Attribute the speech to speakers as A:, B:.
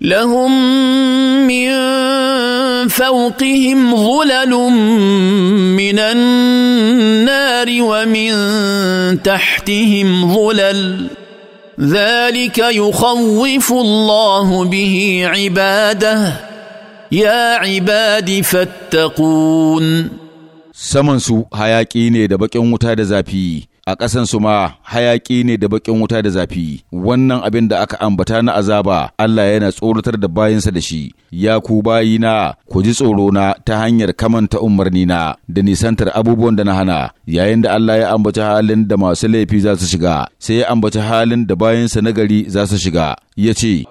A: لهم من فوقهم ظلل من النار ومن تحتهم ظلل ذلك يخوف الله به عباده
B: يا عباد فاتقون samansu hayaƙi ne da baƙin wuta da zafi a ƙasan su ma hayaƙi ne da baƙin wuta da zafi wannan abin da aka ambata na azaba Allah yana tsoratar da bayansa da shi ya ku bayina ku ji tsoro na ta hanyar kamanta umarni na da nisantar abubuwan da na hana yayin da Allah ya ambaci halin da masu laifi za su shiga sai ya ambaci halin da bayansa na gari za su shiga ya ce